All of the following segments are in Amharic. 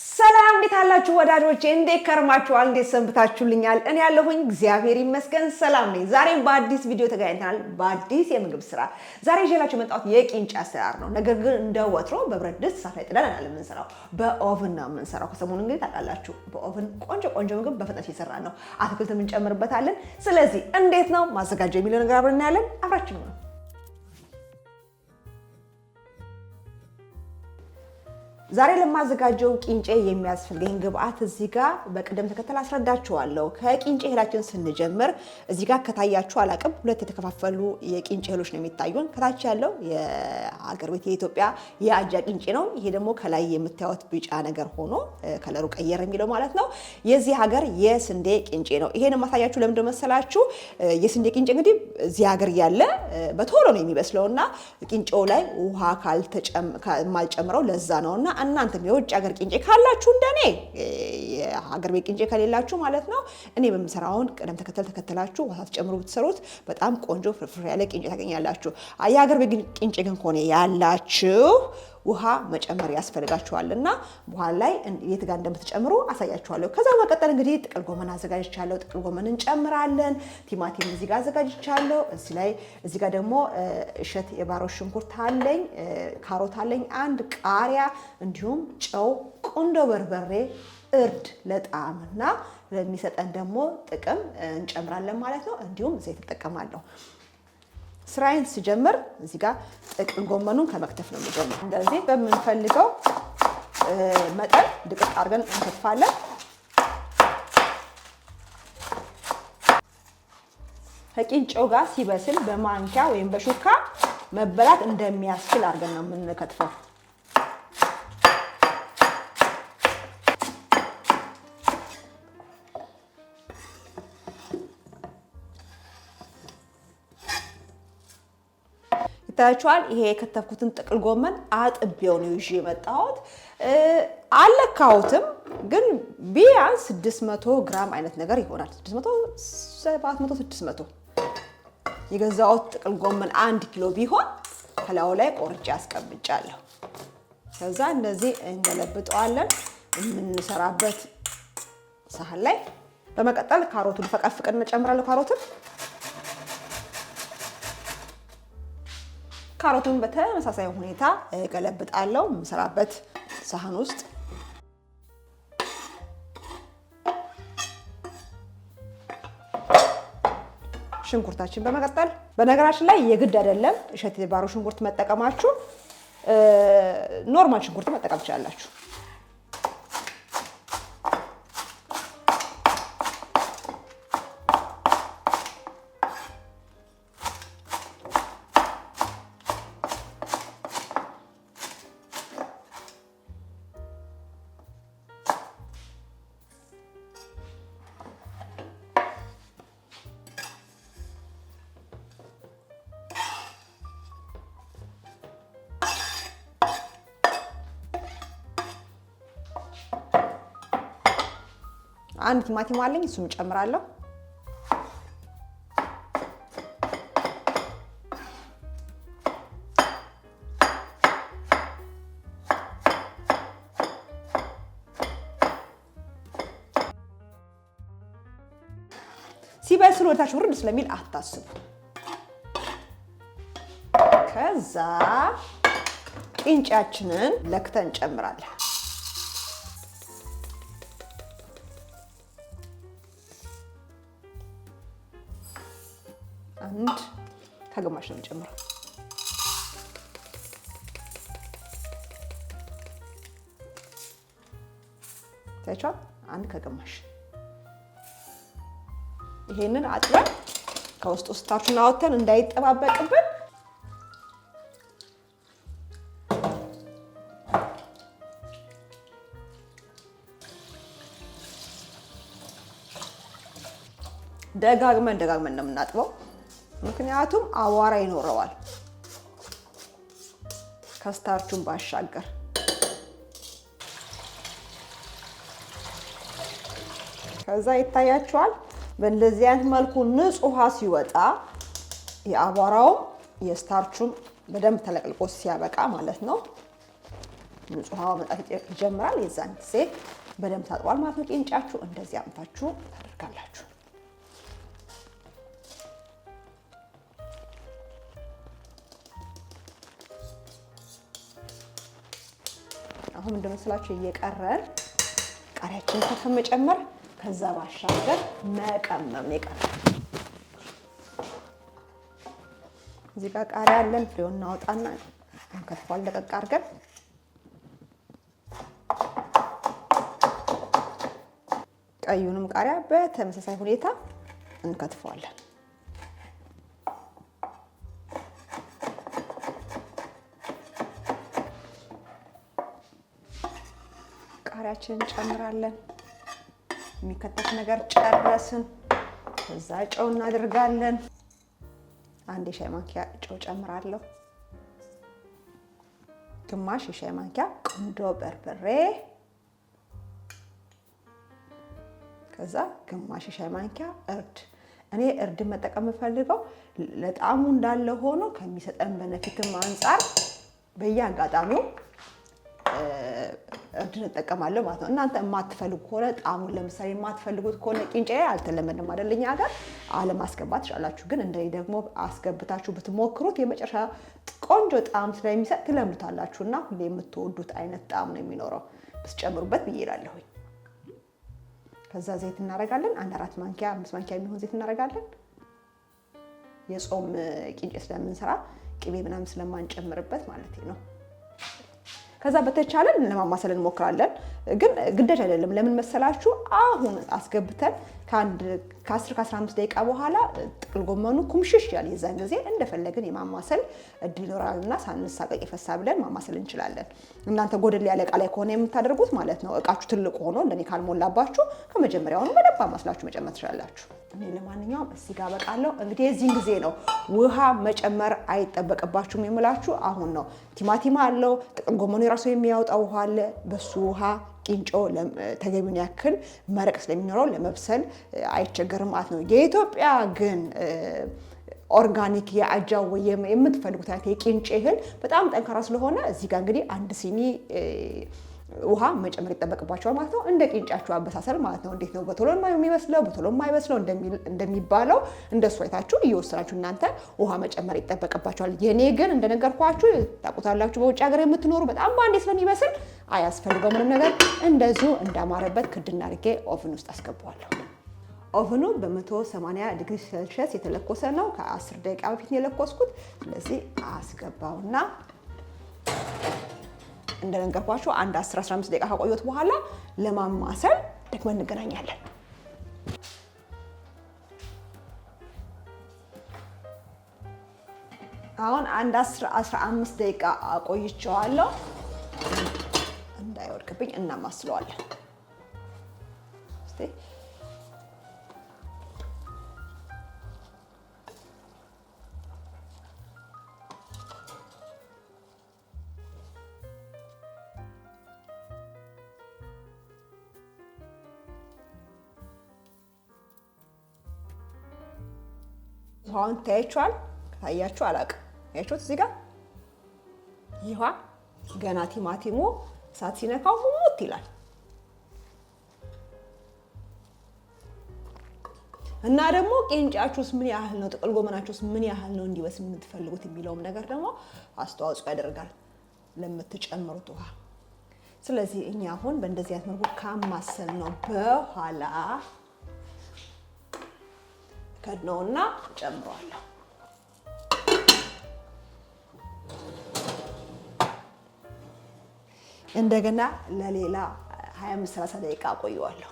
ሰላም እንዴት አላችሁ ወዳጆቼ? እንዴት ከርማችኋል? እንዴት ሰንብታችሁልኛል? እኔ ያለሁኝ እግዚአብሔር ይመስገን ሰላም ነኝ። ዛሬም በአዲስ ቪዲዮ ተገናኝተናል፣ በአዲስ የምግብ ስራ። ዛሬ ይዤላችሁ የመጣሁት የቂንጫ አሰራር ነው። ነገር ግን እንደ ወትሮ በብረት ድስት እሳት ላይ ጥለን አይደለም የምንሰራው፣ በኦቭን ነው የምንሰራው። ከሰሞኑ እንግዲህ ታውቃላችሁ፣ በኦቭን ቆንጆ ቆንጆ ምግብ በፍጥነት እየሰራን ነው፣ አትክልትም እንጨምርበታለን። ስለዚህ እንዴት ነው ማዘጋጀው የሚለው ነገር አብረን እናያለን። አብራችሁ ነው ዛሬ ለማዘጋጀው ቂንጬ የሚያስፈልገኝ ግብአት እዚህ ጋር በቅደም ተከተል አስረዳችኋለሁ። ከቂንጬ እህላችን ስንጀምር እዚህ ጋር ከታያችሁ አላቅም፣ ሁለት የተከፋፈሉ የቂንጬ እህሎች ነው የሚታዩን። ከታች ያለው የአገር ቤት የኢትዮጵያ የአጃ ቂንጬ ነው። ይሄ ደግሞ ከላይ የምታዩት ቢጫ ነገር ሆኖ ከለሩ ቀየር የሚለው ማለት ነው የዚህ ሀገር የስንዴ ቂንጬ ነው። ይሄን ማሳያችሁ ለምንድን መሰላችሁ? የስንዴ ቂንጬ እንግዲህ እዚህ ሀገር ያለ በቶሎ ነው የሚበስለው እና ቂንጬው ላይ ውሃ ማልጨምረው ለዛ ነውና እናንተም የውጭ ሀገር ቅንጬ ካላችሁ እንደኔ የሀገር ቤት ቅንጬ ከሌላችሁ ማለት ነው እኔ በምሰራውን ቅደም ተከተል ተከተላችሁ ዋሳት ጨምሮ ብትሰሩት በጣም ቆንጆ ፍርፍር ያለ ቅንጬ ታገኛላችሁ። የሀገር ቤት ቅንጬ ግን ከሆነ ያላችሁ ውሃ መጨመር ያስፈልጋችኋል እና በኋላ ላይ የት ጋር እንደምትጨምሩ አሳያችኋለሁ። ከዛ መቀጠል እንግዲህ ጥቅል ጎመን አዘጋጅቻለሁ። ጥቅል ጎመን እንጨምራለን። ቲማቲም እዚህ ጋር አዘጋጅቻለሁ። እዚህ ላይ እዚህ ጋር ደግሞ እሸት የባሮ ሽንኩርት አለኝ፣ ካሮት አለኝ፣ አንድ ቃሪያ፣ እንዲሁም ጨው፣ ቁንዶ በርበሬ፣ እርድ ለጣዕምና ለሚሰጠን ደግሞ ጥቅም እንጨምራለን ማለት ነው። እንዲሁም ዘይት እጠቀማለሁ። ስራዬን ስጀምር እዚህ ጋር ጥቅል ጎመኑን ከመክተፍ ነው የሚጀምር። እንደዚህ በምንፈልገው መጠን ድቅቅ አድርገን እንከትፋለን። ከቂንጨው ጋር ሲበስል በማንኪያ ወይም በሹካ መበላት እንደሚያስችል አድርገን ነው የምንከትፈው። ታያችኋል። ይሄ የከተፍኩትን ጥቅል ጎመን አጥቤው ነው ይዤ የመጣሁት። አለካሁትም ግን ቢያንስ 600 ግራም አይነት ነገር ይሆናል። 700 600 የገዛሁት ጥቅል ጎመን አንድ ኪሎ ቢሆን ከላዩ ላይ ቆርጬ አስቀምጫለሁ። ከዛ እንደዚህ እንገለብጠዋለን የምንሰራበት ሳህን ላይ። በመቀጠል ካሮቱን ፈቀፍቀን እንጨምራለን ካሮትን ካሮቱን በተመሳሳይ ሁኔታ ገለብጣለው የምሰራበት ሳህን ውስጥ ሽንኩርታችን በመቀጠል በነገራችን ላይ የግድ አይደለም እሸት የባሮ ሽንኩርት መጠቀማችሁ ኖርማል ሽንኩርት መጠቀም ትችላላችሁ። አንድ ቲማቲም አለኝ እሱም ጨምራለሁ። ሲበስል ወደታች ውርድ ስለሚል አታስቡ። ከዛ ቅንጫችንን ለክተን እንጨምራለን። ከግማሽ ነው የምጨምረው። ታይቷል። አንድ ከግማሽ ይሄንን አጥበን ከውስጡ ስታርቹን አወጥተን እንዳይጠባበቅብን ደጋግመን ደጋግመን ነው የምናጥበው። ምክንያቱም አቧራ ይኖረዋል ከስታርቹን ባሻገር ከዛ ይታያችኋል። በእንደዚህ አይነት መልኩ ንጹህ ውሃ ሲወጣ የአቧራውም የስታርቹም በደንብ ተለቅልቆ ሲያበቃ ማለት ነው ንጹህ ውሃ መጣት ይጀምራል። የዛን ጊዜ በደንብ ታጥቧል ማለት ነው። ቅንጫችሁ እንደዚህ አምታችሁ ታደርጋላችሁ። አሁን እንደመሰላችሁ መስላችሁ እየቀረን ቃሪያችን ከፍ መጨመር፣ ከዛ ባሻገር መቀመም ይቀር። እዚህ ጋር ቃሪያ አለን። ፍሬውን እናወጣና እንከትፏል ለቀቅ አድርገን ቀዩንም ቃሪያ በተመሳሳይ ሁኔታ እንከትፈዋለን። በርበሬያችን እንጨምራለን። የሚከተፍ ነገር ጨረስን። ከዛ ጨው እናድርጋለን። አንድ የሻይ ማንኪያ ጨው ጨምራለሁ። ግማሽ የሻይ ማንኪያ ቁንዶ በርበሬ፣ ከዛ ግማሽ የሻይ ማንኪያ እርድ። እኔ እርድ መጠቀም የምፈልገው ለጣዕሙ እንዳለ ሆኖ ከሚሰጠን በነፊትም አንጻር በየአጋጣሚው እርድን እጠቀማለሁ ማለት ነው። እናንተ የማትፈልጉ ከሆነ ጣሙን ለምሳሌ የማትፈልጉት ከሆነ ቂንጬ ላይ አልተለመድም አይደል እኛ ጋር አለማስገባት ትችላላችሁ። ግን እንደ ደግሞ አስገብታችሁ ብትሞክሩት የመጨረሻ ቆንጆ ጣዕም ስለሚሰጥ ትለምዱታላችሁ እና ሁሌ የምትወዱት አይነት ጣም ነው የሚኖረው ብትጨምሩበት ብዬ እላለሁኝ። ከዛ ዘይት እናደርጋለን። አንድ አራት ማንኪያ አምስት ማንኪያ የሚሆን ዘይት እናደርጋለን። የጾም ቂንጬ ስለምንሰራ ቅቤ ምናምን ስለማንጨምርበት ማለት ነው። ከዛ በተቻለን ለማማሰል እንሞክራለን። ግን ግዳጅ አይደለም። ለምን መሰላችሁ? አሁን አስገብተን ከ10 ከ15 ደቂቃ በኋላ ጥቅል ጎመኑ ኩምሽሽ ያል የዛን ጊዜ እንደፈለግን የማማሰል እድል ይኖራልና ሳንሳቀቅ ይፈሳ ብለን ማማሰል እንችላለን። እናንተ ጎደል ያለ እቃ ላይ ከሆነ የምታደርጉት ማለት ነው። እቃችሁ ትልቅ ሆኖ እንደኔ ካልሞላባችሁ ከመጀመሪያውኑ በደንብ አማስላችሁ መጨመር ትችላላችሁ። እኔ ለማንኛውም እዚህ ጋር በቃለሁ። እንግዲህ የዚህን ጊዜ ነው ውሃ መጨመር አይጠበቅባችሁም የምላችሁ አሁን ነው። ቲማቲም አለው ጥቅል ጎመኑ የራሱ የሚያወጣ ውሃ አለ። በሱ ውሃ ቂንጮ ተገቢውን ያክል መረቅ ስለሚኖረው ለመብሰል አይቸገርም ማለት ነው። የኢትዮጵያ ግን ኦርጋኒክ የአጃው የምትፈልጉት አይነት የቂንጬ እህል በጣም ጠንካራ ስለሆነ እዚህ ጋር እንግዲህ አንድ ሲኒ ውሃ መጨመር ይጠበቅባቸዋል ማለት ነው። እንደ ቅንጫችሁ አበሳሰል ማለት ነው። እንዴት ነው በቶሎ የሚበስለው በቶሎ የማይበስለው እንደሚባለው እንደሱ አይታችሁ እየወሰናችሁ እናንተ ውሃ መጨመር ይጠበቅባቸዋል። የኔ ግን እንደነገርኳችሁ ታውቁታላችሁ፣ በውጭ ሀገር የምትኖሩ በጣም በአንዴ ስለሚበስል አያስፈልገው ምንም ነገር። እንደዚሁ እንዳማረበት ክድና አድርጌ ኦቭን ውስጥ አስገባዋለሁ። ኦቨኑ በ180 ዲግሪ ሴልሽስ የተለኮሰ ነው። ከ10 ደቂቃ በፊት የለኮስኩት። ስለዚህ አስገባውና እንደነገርኳችሁ አንድ 15 ደቂቃ ካቆየሁት በኋላ ለማማሰል ደግመን እንገናኛለን። አሁን አንድ 15 ደቂቃ አቆይቼዋለሁ። እንዳይወድቅብኝ እናማስለዋለን። ውሃውን ታያችኋል። ታያችሁ አላውቅም። ያችሁት እዚህ ጋር ይህ ገና ቲማቲሙ እሳት ሲነካው ሙት ይላል እና ደግሞ ቄንጫችሁስ ምን ያህል ነው? ጥቅል ጎመናችሁስ ምን ያህል ነው እንዲበስል የምትፈልጉት የሚለውም ነገር ደግሞ አስተዋጽኦ ያደርጋል ለምትጨምሩት ውሃ። ስለዚህ እኛ አሁን በእንደዚህ አይነት መልኩ ካማሰል ነው በኋላ ከድነውና ጨምሯለሁ። እንደገና ለሌላ 25 30 ደቂቃ ቆየዋለሁ።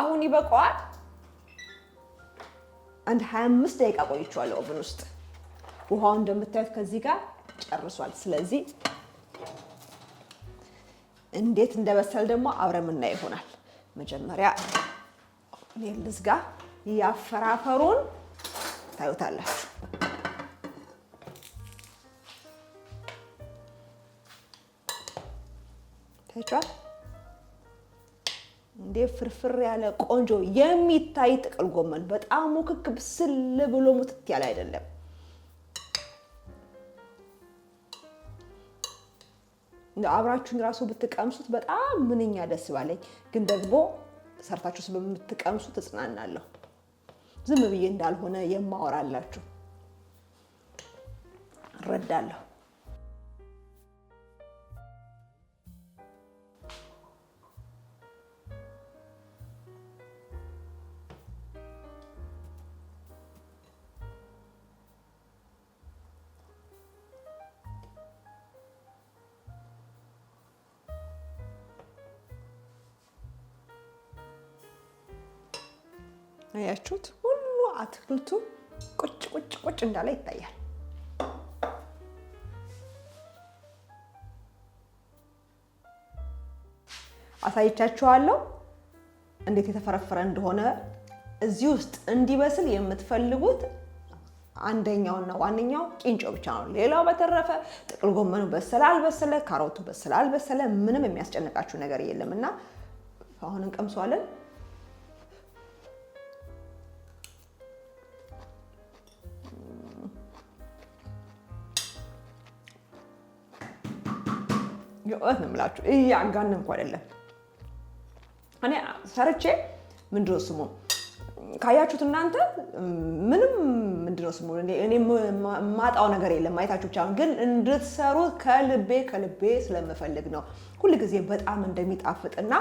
አሁን ይበቃዋል። አንድ 25 ደቂቃ ቆይቼዋለሁ ኦቭን ውስጥ። ውሃው እንደምታዩት ከዚህ ጋር ጨርሷል። ስለዚህ እንዴት እንደበሰል ደግሞ አብረን ይሆናል መጀመሪያ ይሄን ልዝጋ። ያፈራፈሩን ታዩታላችሁ። ታይቷል እንዴ! ፍርፍር ያለ ቆንጆ የሚታይ ጥቅል ጎመን በጣም ውክክ ብስል ብሎ ሙትት ያለ አይደለም። አብራችሁን ራሱ ብትቀምሱት በጣም ምንኛ ደስ ባለኝ ግን ደግሞ ሰርታችሁ በምትቀምሱ ትጽናናለሁ። ዝም ብዬ እንዳልሆነ የማወራላችሁ እረዳለሁ። አያችሁት? ሁሉ አትክልቱ ቁጭ ቁጭ ቁጭ እንዳለ ይታያል። አሳይቻችኋለሁ እንዴት የተፈረፈረ እንደሆነ። እዚህ ውስጥ እንዲበስል የምትፈልጉት አንደኛውና ዋነኛው ቂንጮ ብቻ ነው። ሌላው በተረፈ ጥቅል ጎመኑ በሰለ አልበሰለ፣ ካሮቱ በሰለ አልበሰለ ምንም የሚያስጨንቃችሁ ነገር የለም እና አሁን እንቀምሰዋለን። የእውነት ነው የምላችሁ። እያጋነንኩ አይደለም። እኔ ሰርቼ ምንድን ነው ስሙ ካያችሁት እናንተ ምንም ምንድነው ነው ስሙ እኔ ማጣው ነገር የለም። ማየታችሁ ብቻ ግን እንድትሰሩ ከልቤ ከልቤ ስለምፈልግ ነው ሁልጊዜ በጣም እንደሚጣፍጥና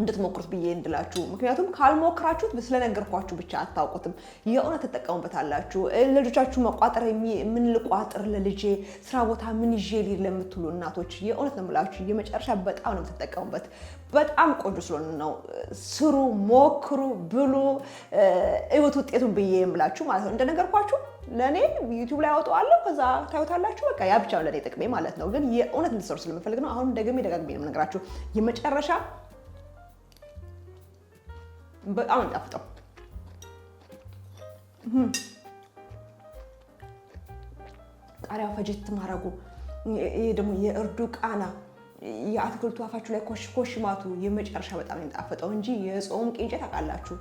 እንድትሞክሩት ብዬ እንድላችሁ። ምክንያቱም ካልሞክራችሁት ስለነገርኳችሁ ብቻ አታውቁትም። የእውነት ትጠቀሙበታላችሁ። ልጆቻችሁ መቋጠር ምን ልቋጥር ለልጄ ስራ ቦታ ምን ይዤ ልሂድ ለምትሉ እናቶች የእውነት ምላችሁ የመጨረሻ በጣም ነው የምትጠቀሙበት። በጣም ቆንጆ ስለሆነ ነው። ስሩ፣ ሞክሩ፣ ብሉ፣ እዩት ውጤቱን ብዬ የምላችሁ ማለት ነው። እንደነገርኳችሁ ለእኔ ዩቲዩብ ላይ አወጣዋለሁ። ከዛ ታዩታላችሁ። በቃ ያ ብቻ ለእኔ ጥቅሜ ማለት ነው። ግን የእውነት እንድትሰሩ ስለምፈልግ ነው። አሁን ደግሜ ደጋግሜ ነው የምነግራችሁ የመጨረሻ በጣም የሚጣፍጠው ቃሪያው ፈጀት ማረጉ፣ ይሄ ደግሞ የእርዱ ቃና፣ የአትክልቱ አፋችሁ ላይ ኮሽማቱ የመጨረሻ በጣም የሚጣፍጠው እንጂ የጾም ቂንጬ ታውቃላችሁ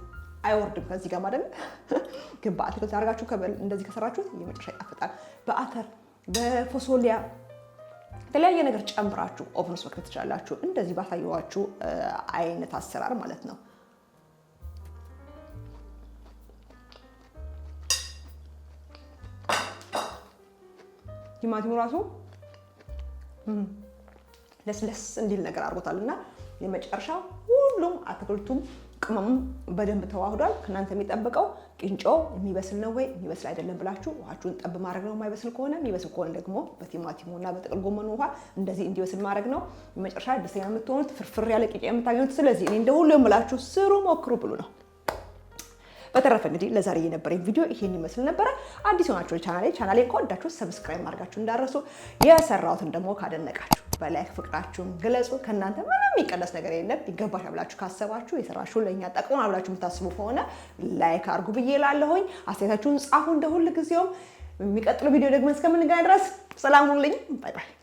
አይወርድም ከዚህ ጋር ማለት ግን በአትክልት አድርጋችሁ እንደዚህ ከሰራችሁት የመጨረሻ ይጣፍጣል። በአተር በፎሶሊያ የተለያየ ነገር ጨምራችሁ ኦቨንስ መክተት ትችላላችሁ። እንደዚህ ባሳየኋችሁ አይነት አሰራር ማለት ነው። ቲማቲሙ ራሱ ለስለስ እንዲል ነገር አድርጎታል እና የመጨረሻ ሁሉም አትክልቱም ቅመሙ በደንብ ተዋህዷል። ከእናንተ የሚጠበቀው ቅንጮ የሚበስል ነው ወይ የሚበስል አይደለም ብላችሁ ውሃችሁን ጠብ ማድረግ ነው። የማይበስል ከሆነ የሚበስል ከሆነ ደግሞ በቲማቲሙ እና በጥቅል ጎመኑ ውሃ እንደዚህ እንዲበስል ማድረግ ነው። የመጨረሻ ደስተኛ የምትሆኑት ፍርፍር ያለ ቂጫ የምታገኙት። ስለዚህ እኔ እንደ ሁሉ የምላችሁ ስሩ፣ ሞክሩ ብሉ ነው። በተረፈ እንግዲህ ለዛሬ የነበረኝ ቪዲዮ ይሄን ይመስል ነበረ። አዲስ ሆናችሁ ቻናሌ ቻናሌን ከወዳችሁ ሰብስክራይብ ማድረጋችሁ እንዳረሱ፣ የሰራሁትን ደግሞ ካደነቃችሁ በላይክ ፍቅራችሁን ግለጹ። ከእናንተ ምንም የሚቀነስ ነገር የለም። ይገባሻል ብላችሁ ካሰባችሁ የሰራችሁ ለእኛ ጠቅሞናል ብላችሁ የምታስቡ ከሆነ ላይክ አድርጉ ብዬ እላለሁኝ። አስተያየታችሁን ጻፉ። እንደ ሁልጊዜውም የሚቀጥለው ቪዲዮ ደግሞ እስከምንገናኝ ድረስ ሰላም ሁኑልኝ። ባይ ባይ።